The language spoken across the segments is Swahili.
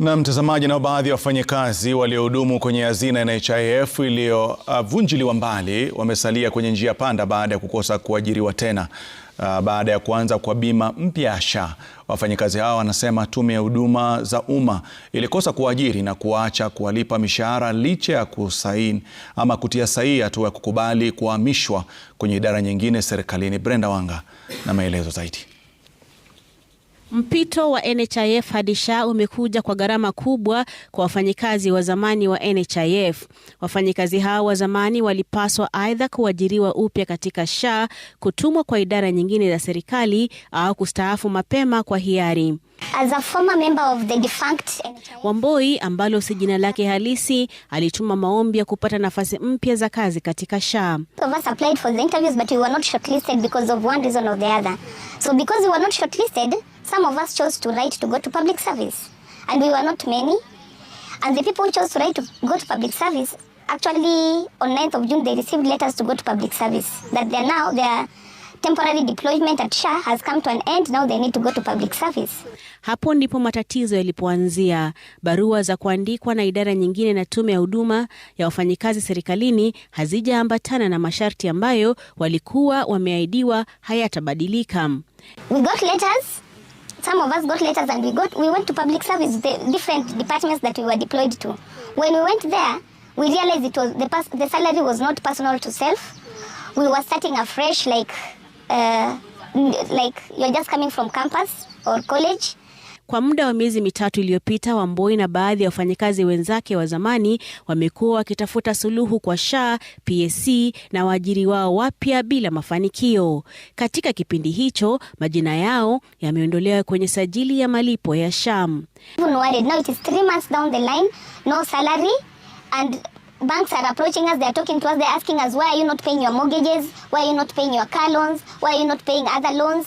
Na mtazamaji, nao baadhi ya wafanyakazi waliohudumu kwenye hazina ya NHIF iliyovunjiliwa uh, mbali wamesalia kwenye njia panda baada ya kukosa kuajiriwa tena uh, baada ya kuanza kwa bima mpya SHA. Wafanyakazi hao wanasema Tume ya Huduma za Umma ilikosa kuajiri na kuacha kuwalipa mishahara licha ya kusaini ama kutia sahihi hatua ya kukubali kuhamishwa kwenye idara nyingine serikalini. Brenda Wanga na maelezo zaidi. Mpito wa NHIF hadi SHA umekuja kwa gharama kubwa kwa wafanyikazi wa zamani wa NHIF. Wafanyikazi hao wa zamani walipaswa aidha kuajiriwa upya katika SHA, kutumwa kwa idara nyingine za serikali au kustaafu mapema kwa hiari. As a former member of the defunct... Wamboi ambalo si jina lake halisi alituma maombi ya kupata nafasi mpya za kazi katika SHA. So Some of us chose to write to go to public service, and we were not many. And the people who chose to write to go to public service, actually on 9th of June, they received letters to go to public service. That they are now, they are temporary deployment at SHA has come to an end. Now they need to go to public service. Hapo ndipo matatizo yalipoanzia. Barua za kuandikwa na idara nyingine na tume ya huduma ya wafanyikazi serikalini hazijaambatana na masharti ambayo walikuwa wameahidiwa hayatabadilika. We got letters some of us got letters and we got we went to public service the different departments that we were deployed to when we went there we realized it was the pers- the salary was not personal to self we were starting afresh like uh, like you're just coming from campus or college Kwa muda wa miezi mitatu iliyopita, Wamboi na baadhi ya wafanyakazi wenzake wa zamani wamekuwa wakitafuta suluhu kwa SHA, PSC na waajiri wao wapya bila mafanikio. Katika kipindi hicho, majina yao yameondolewa kwenye sajili ya malipo ya SHA. Banks are approaching us, they are talking to us, they are asking us, why are you not paying your mortgages? Why are you not paying your car loans? Why are you not paying other loans?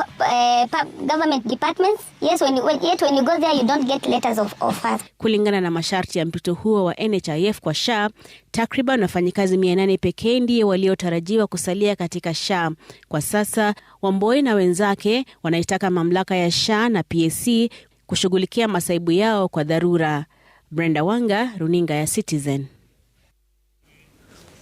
Uh, government departments. Yes, when you, yet when you go there you don't get letters of offer. Kulingana na masharti ya mpito huo wa NHIF kwa SHA, takriban wafanyikazi 800 pekee ndiye waliotarajiwa kusalia katika SHA. Kwa sasa, Wamboi na wenzake wanaitaka mamlaka ya SHA na PSC kushughulikia masaibu yao kwa dharura. Brenda Wanga, Runinga ya Citizen.